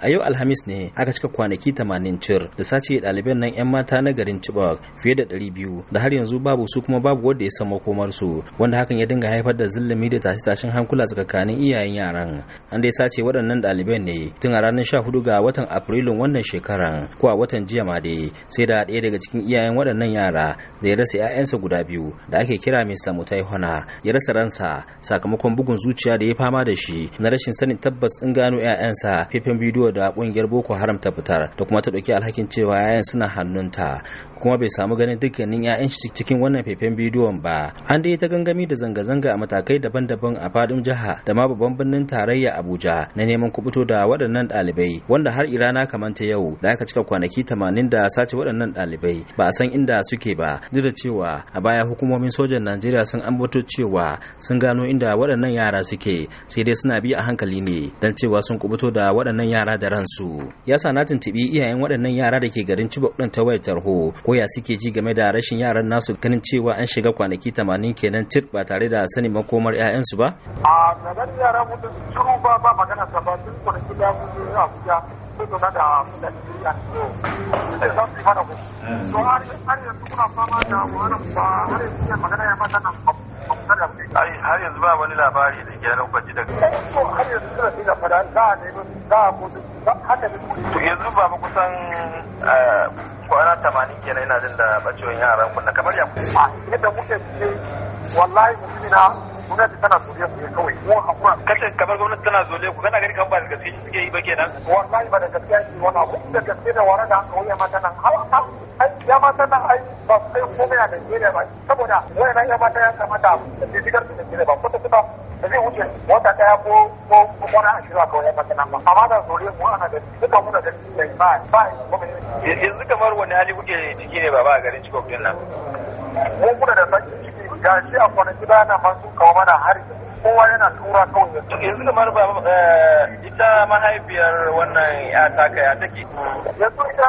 a yau alhamis ne aka cika kwanaki 80 cir da sace ɗaliban nan 'yan mata na garin chibok fiye da 200 da har yanzu babu su kuma babu wanda ya san su wanda hakan ya dinga haifar da zulumi da tashe-tashen hankula tsakanin iyayen yaran an dai sace waɗannan ɗaliban ne tun a ranar 14 ga watan afrilun wannan shekaran ko a watan jiya ma dai sai da ɗaya daga cikin iyayen waɗannan yara da ya rasa 'ya'yansa guda biyu da ake kira mr mutai hona ya rasa ransa sakamakon bugun zuciya da ya fama da shi na rashin sanin tabbas in gano 'ya'yansa faifan bidiyo tsaro da kungiyar boko haram ta fitar da kuma ta dauki alhakin cewa yayan suna hannunta kuma bai samu ganin dukkanin yayan shi cikin wannan fefen bidiyon ba an dai ta gangami da zanga-zanga a matakai daban-daban a fadin jiha da ma babban birnin tarayya abuja na neman kubuto da waɗannan ɗalibai wanda har irana kamar ta yau da aka cika kwanaki 80 da sace waɗannan ɗalibai ba a san inda suke ba duk da cewa a baya hukumomin sojan najeriya sun ambato cewa sun gano inda waɗannan yara suke sai dai suna bi a hankali ne don cewa sun kubuto da waɗannan yara da ransu ya sa na tuntuɓi iyayen waɗannan yara da ke garin cibok ɗin ta wayar tarho ko ya suke ji game da rashin yaran nasu ganin cewa an shiga kwanaki tamanin kenan cir ba tare da sanin makomar 'ya'yansu ba a gaban yara mutum shiru ba ba magana ta ba sun kwana da mutum ya abuja sun da da mutane da ya za su yi ko hmm. to har yanzu kuna fama da wahalar ba har yanzu magana ya mata nan har yanzu ba wani labari da gyaran kwaji daga eh, har yanzu suna saboda za a nemi za a kudu haka da kudu. to yanzu ba kusan eh, kwana tamanin kenan ina jin da bacewan yaran kunna kamar ya kuma. yadda muke ce wallahi mutumina gwamnati tana zole ku ne kawai mu hakura. kace kamar gwamnati tana zole ku kana gani kan ba da gaske suke yi ba kenan. wallahi ba da gaske shi wani abu da gaske da warada aka wuya mata nan har har ya mata na ai ba su kai komai a Najeriya ba saboda wannan ya mata ya kamata da ke shigar da Najeriya ba ko ta fita zai wuce wata daya ko ko kwana ashirin a kawai ya mata na ba amma da zuriya mu ana da duka mu da gaske ba ba yanzu kamar wani hali kuke ciki ne ba ba a garin Chibok din nan mu kuna da sakin ciki ga shi a kwanaki ba na masu kawo mana hari kowa yana tura kawai yanzu kamar ba eh, ita mahaifiyar wannan ya take yanzu ita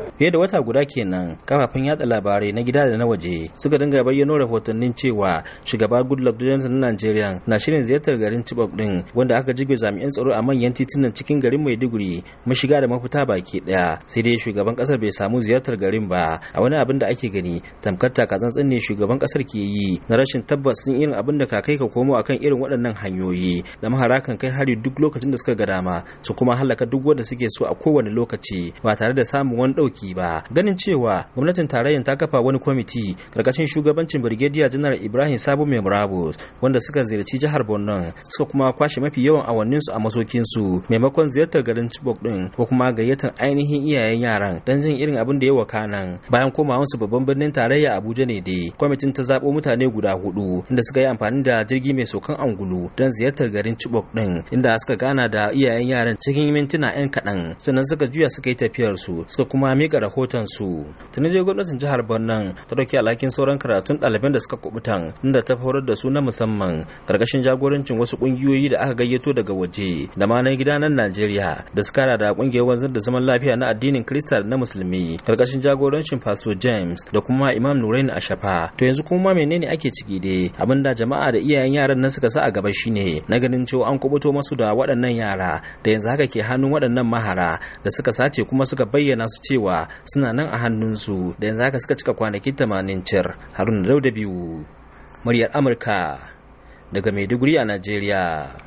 fiye da wata guda kenan kafafen yada labarai na gida da na waje suka dinga bayyano rahotannin cewa shugaba goodluck jonathan na nigeria na shirin ziyartar garin chibok din wanda aka jige jami'an tsaro a manyan titunan cikin garin maiduguri shiga da mafita baki daya sai dai shugaban kasar bai samu ziyartar garin ba a wani abin da ake gani tamkar takatsantsin ne shugaban kasar ke yi na rashin tabbas din irin abin da kakai ka komo akan irin waɗannan hanyoyi da maharakan kai hari duk lokacin da suka ga dama su kuma halaka duk wanda suke so a kowane lokaci ba tare da samun wani ɗauki ba ganin cewa gwamnatin tarayyar ta kafa wani kwamiti karkashin shugabancin brigadier general ibrahim sabo mai murabus wanda suka ziyarci jihar borno suka kuma kwashe mafi yawan awanninsu a masokinsu maimakon ziyartar garin chibok din ko kuma gayyatar ainihin iyayen yaran don jin irin abin da ya wa kanan bayan komawansu babban birnin tarayya abuja ne dai kwamitin ta zaɓo mutane guda hudu inda suka yi amfani da jirgi mai sokan angulu don ziyartar garin chibok din inda suka gana da iyayen yaran cikin mintuna 'yan kaɗan sannan suka juya suka yi tafiyarsu suka kuma miƙa rahoton su tuni je gwamnatin jihar Borno ta dauki alhakin sauran karatun ɗaliban da suka kubutan inda ta horar da su na musamman karkashin jagorancin wasu kungiyoyi da aka gayyato daga waje da ma na gida nan Najeriya da suka da kungiyar wanzar da zaman lafiya na addinin Kirista na Musulmi karkashin jagorancin Pastor James da kuma Imam Nurain Ashafa to yanzu kuma menene ake ciki dai abinda jama'a da iyayen yaran nan suka sa a gaba shine na ganin cewa an kubuto masu da waɗannan yara da yanzu haka ke hannun waɗannan mahara da suka sace kuma suka bayyana su cewa suna nan a hannunsu da yanzu haka suka cika kwanaki 80 cir haruna dauda biyu muryar amurka daga maiduguri a najeriya